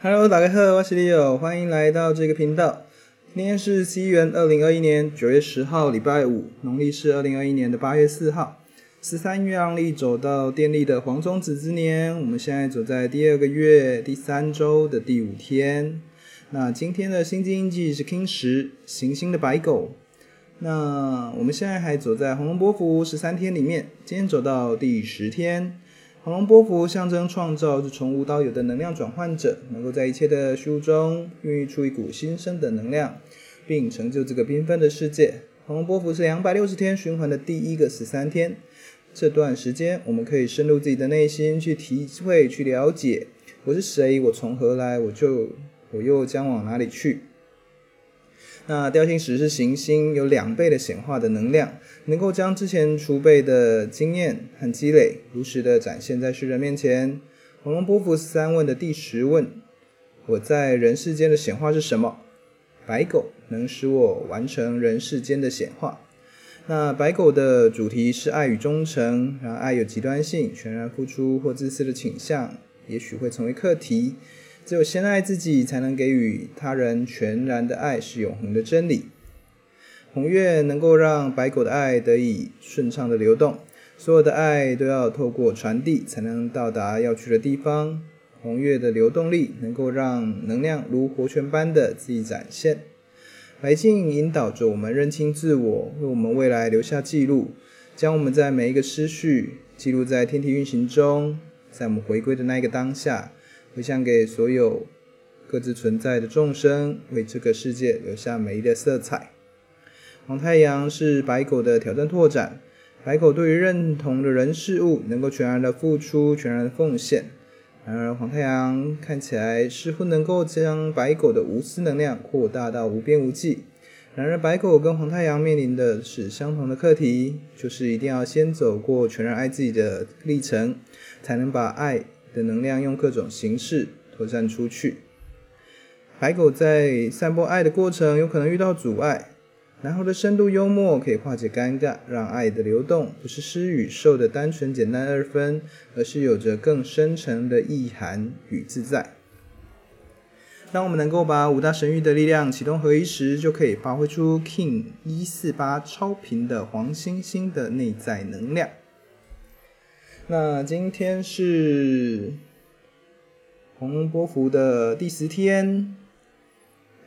Hello，大家好，我是 Leo，歡迎來到這個頻道。今天是西元二零二一年九月十號，禮拜五，農曆是二零二一年的八月四號。十三月亮曆走到電力的黃種子之年，我們現在走在第二個月、第三周的第五天。那今天的星際印記是 KIN.10，行星的白狗。那我們現在還走在紅龍波符十三天裡面，今天走到第十天。紅龍波符象徵創造，是從無到有的能量轉換者，能夠在一切的虛無中孕育出一股新生的能量，並成就這個繽紛的世界。紅龍波符是兩百六十天循環的第一個十三天，這段時間我們可以深入自己的內心去體會、去了解：我是誰？我從何來？我就我又將往哪裡去？那調性十是行星，有兩倍的顯化的能量，能夠將之前儲備的經驗和積累如實的展現在世人面前。紅龍波符三問的第十問：我在人世間的顯化是什麼？白狗能使我完成人世間的顯化。那白狗的主題是愛與忠誠，然後愛有極端性，全然付出或自私的傾向，也許會成為課題。只有先愛自己，才能給予他人全然的愛，是永恆的真理。紅月能夠讓白狗的愛得以順暢的流動，所有的愛都要透過傳遞才能到達要去的地方。紅月的流動力能夠讓能量如活泉般的自己展現。白鏡引導着我們認清自我，為我們未來留下記錄，將我們在每一個思緒記錄在天體運行中，在我們回歸的那個當下，回向給所有各自存在的眾生，為這個世界留下美麗的色彩。黃太陽是白狗的挑戰拓展，白狗對於認同的人事物，能夠全然的付出，全然的奉獻。然而黃太陽看起來似乎能夠將白狗的無私能量擴大到無邊無際。然而白狗跟黃太陽面臨的是相同的課題，就是一定要先走過全然愛自己的歷程，才能把愛的能量用各種形式拓展出去。白狗在散播愛的過程，有可能遇到阻礙。然後的深度幽默可以化解尷尬，讓愛的流動不是施與受的單純簡單二分，而是有着更深層的意涵與自在。當我們能夠把五大神域的力量啟動合一時，就可以發揮出 King 一四八超頻的黃星星的內在能量。那今天是紅龍波符的第十天，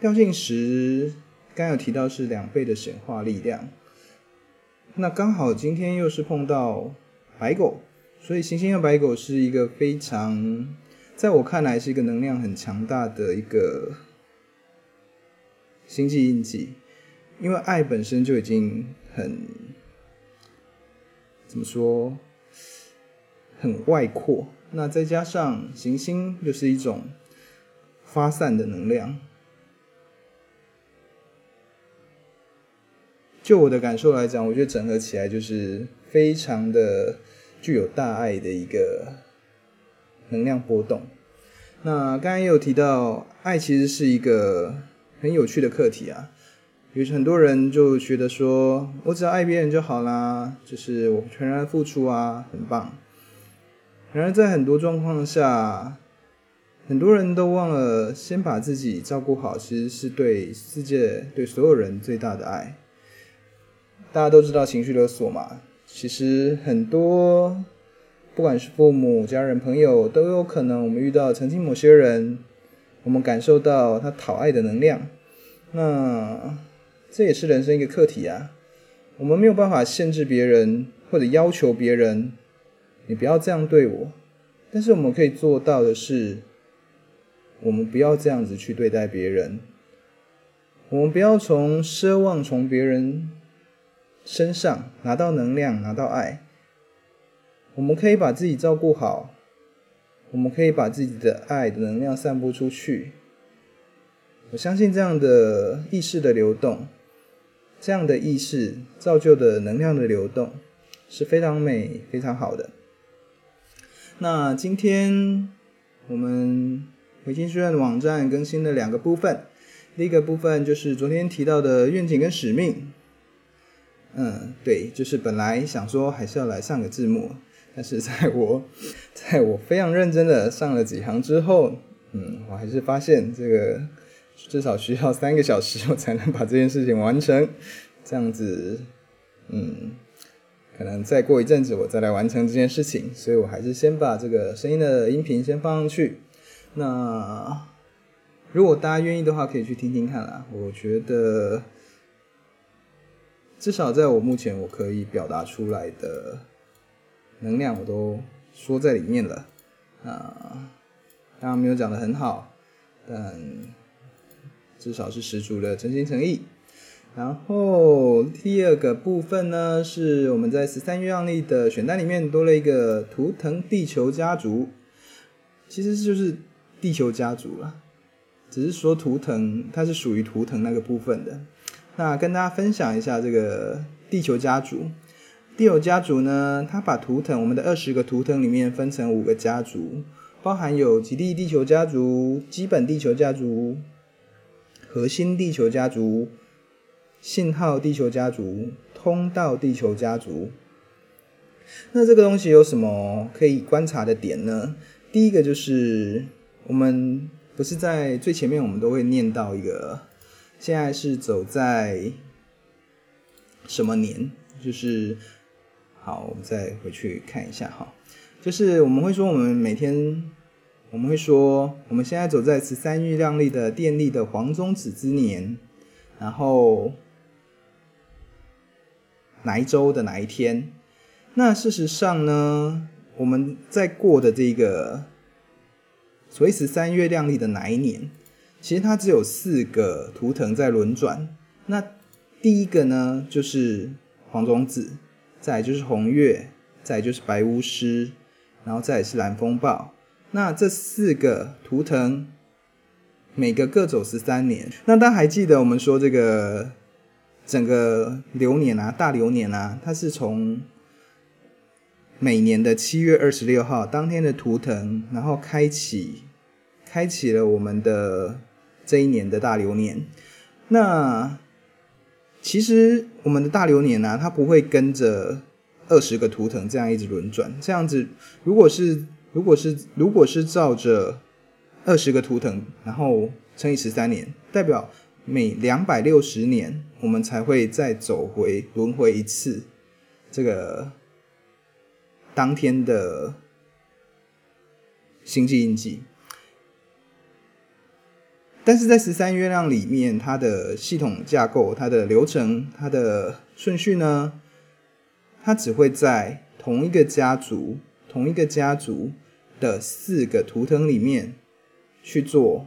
調性十剛有提到是兩倍的顯化力量。那剛好今天又是碰到白狗，所以行星和白狗是一個非常，在我看來是一個能量很強大的一個星際印記，因為愛本身就已經很怎麼說？很外擴，那再加上行星又是一種發散的能量。就我的感受來講，我覺得整合起來就是非常的具有大愛的一個能量波動。那剛才也有提到，愛其實是一個很有趣的課題啊，比如很多人就覺得說，我只要愛別人就好啦，就是我全然的付出啊，很棒。然而，在很多狀況下，很多人都忘了先把自己照顧好，其實是對世界、對所有人最大的愛。大家都知道情緒勒索嘛，其實很多，不管是父母、家人、朋友，都有可能我們遇到曾經某些人，我們感受到他討愛的能量。那這也是人生一個課題啊。我們沒有辦法限制別人或者要求別人。你不要這樣對我，但是我們可以做到的是，我們不要這樣子去對待別人，我們不要從奢望從別人身上拿到能量、拿到愛。我們可以把自己照顧好，我們可以把自己的愛的能量散布出去。我相信這樣的意識的流動，這樣的意識造就的能量的流動是非常美、非常好的。那今天我們回京學院的網站更新了兩個部分，第一個部分就是昨天提到的願景跟使命。嗯，對，就是本來想說還是要來上個字幕，但是在我在我非常認真的上了幾行之後，嗯，我還是發現這個至少需要三個小時我才能把這件事情完成，這樣子，嗯。可能再過一陣子，我再來完成這件事情，所以我還是先把這個聲音的音頻先放上去。那如果大家願意的話，可以去聽聽看啦。我覺得至少在我目前，我可以表達出來的能量我都說在裡面了啊。當然沒有講得很好，但至少是十足的真心誠意。然後第二個部分呢，是我們在十三月亮曆的選單裡面多了一個圖騰地球家族，其實就是地球家族啦，只是說圖騰它是屬於圖騰那個部分的。那跟大家分享一下這個地球家族，地球家族呢，它把圖騰我們的二十個圖騰裡面分成五個家族，包含有極地地球家族、基本地球家族、核心地球家族。信號地球家族，通道地球家族。那這個東西有什麼可以觀察的點呢？第一個就是，我們不是在最前面，我們都會念到一個。現在是走在什麼年？就是，好，我們再回去看一下哈。就是我們會說，我們每天，我們會說，我們現在走在十三月亮曆的電力的黃種子之年，然後。哪一周的哪一天？那事實上呢，我們在過的這個所謂十三月亮曆的哪一年，其實它只有四個圖騰在輪轉。那第一個呢，就是黃種子；再來就是紅月；再來就是白巫師；然後再來是藍風暴。那這四個圖騰，每個各走十三年。那大家還記得我們說這個？整個流年啊，大流年啊，它是從每年的七月二十六號當天的圖騰，然後開啟，開啟了我們的這一年的大流年。那其實我們的大流年啊，它不會跟着二十個圖騰這樣一直輪轉。這樣子，如果是如果是如果是照着二十個圖騰，然後乘以十三年，代表。每兩百六十年，我們才會再走回輪迴一次，這個當天的星際印記，但是在十三月亮裡面，它的系統架構、它的流程、它的順序呢，它只會在同一個家族、同一個家族的四個圖騰裡面去做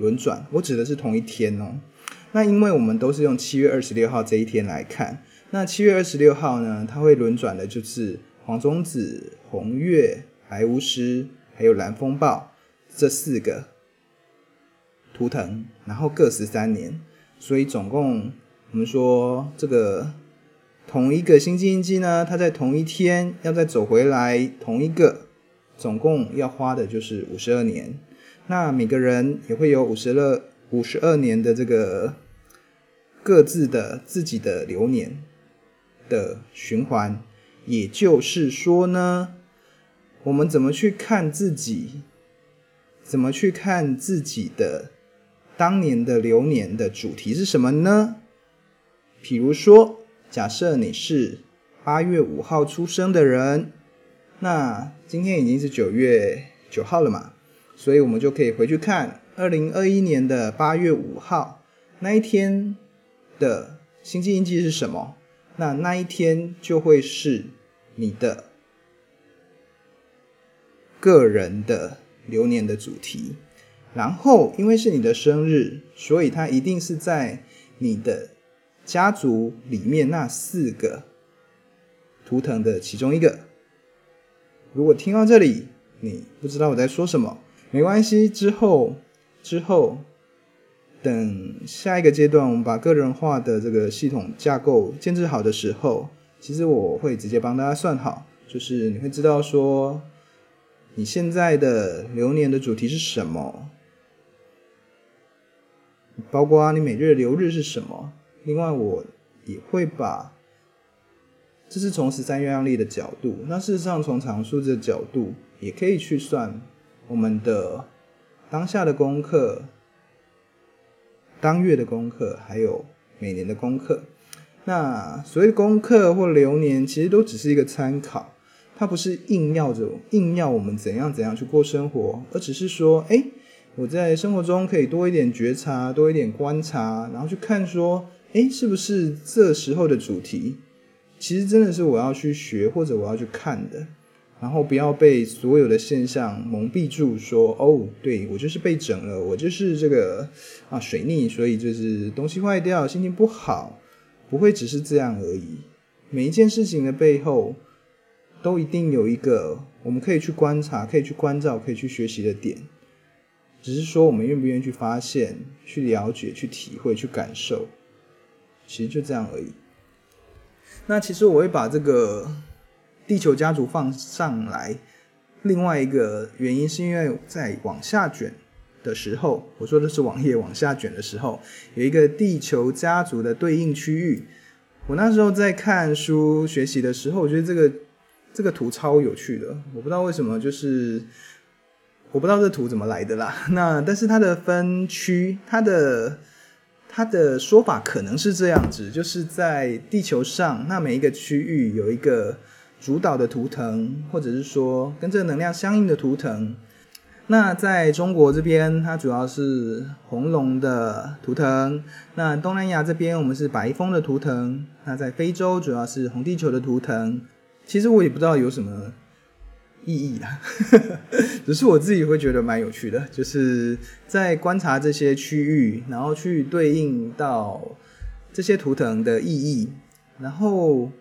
輪轉。我指的是同一天哦、喔。那因為我們都是用七月二十六號這一天來看，那七月二十六號呢，它會輪轉的就是黃種子、紅月、白巫師還有藍風暴這四個圖騰，然後各十三年，所以總共我們說這個同一個星際印記呢，它在同一天要再走回來同一個，總共要花的就是五十二年，那每個人也會有五十二五十二年的這個。各自的自己的流年的循環，也就是說呢，我們怎麼去看自己，怎麼去看自己的當年的流年的主題是什麼呢？比如說，假設你是八月五號出生的人，那今天已經是九月九號了嘛，所以我們就可以回去看二零二一年的八月五號那一天。的星際印記是什麼？那那一天就會是你的個人的流年的主題。然後，因為是你的生日，所以它一定是在你的家族裡面那四個圖騰的其中一個。如果聽到這裡，你不知道我在說什麼，沒關係，之後之後。等下一個階段，我們把個人化的這個系統架構建置好的時候，其實我會直接幫大家算好，就是你會知道說，你現在的流年的主題是什麼，包括啊，你每日的流日是什麼。另外，我也會把，這是從十三月亮曆的角度，那事實上從常數的角度也可以去算我們的當下的功課。當月的功課，還有每年的功課。那所謂功課或流年，其實都只是一個參考，它不是硬要着硬要我們怎樣怎樣去過生活，而只是說，欸，我在生活中可以多一點覺察，多一點觀察，然後去看說，欸，是不是這時候的主題，其實真的是我要去學或者我要去看的。然後不要被所有的現象蒙蔽住說，說哦，對我就是被整了，我就是這個啊水逆，所以就是東西壞掉，心情不好，不會只是這樣而已。每一件事情的背後，都一定有一個我們可以去觀察、可以去關照、可以去學習的點，只是說我們願不願意去發現、去了解、去體會、去感受，其實就這樣而已。那其實我會把這個。地球家族放上來，另外一個原因是因為在往下卷的時候，我說的是網頁往下卷的時候，有一個地球家族的對應區域。我那時候在看書學習的時候，我覺得這個這個圖超有趣的。我不知道為什麼，就是我不知道這圖怎麼來的啦。那但是它的分區，它的它的說法可能是這樣子，就是在地球上，那每一個區域有一個。主導的圖騰，或者是說跟這個能量相應的圖騰。那在中國這邊，它主要是紅龍的圖騰；那東南亞這邊，我們是白風的圖騰；那在非洲，主要是紅地球的圖騰。其實我也不知道有什麼意義啦、啊，只是我自己會覺得蠻有趣的，就是在觀察這些區域，然後去對應到這些圖騰的意義，然後。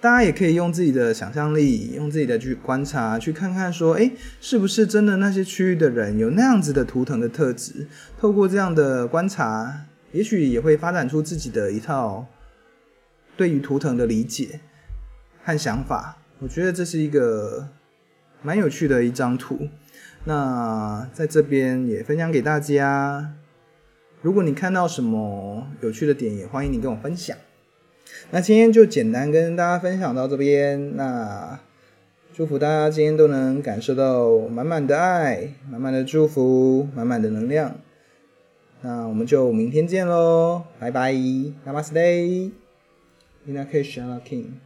大家也可以用自己的想象力，用自己的去觀察，去看看說，欸，是不是真的那些區域的人有那樣子的圖騰的特質？透過這樣的觀察，也許也會發展出自己的一套對於圖騰的理解和想法。我覺得這是一個蠻有趣的一張圖。那在這邊也分享給大家。如果你看到什麼有趣的點，也歡迎你跟我分享。那今天就簡單跟大家分享到這邊，那祝福大家今天都能感受到滿滿的愛，滿滿的祝福，滿滿的能量。那我們就明天見嘍，拜拜，Namaste，In Lak'ech Ala K'in。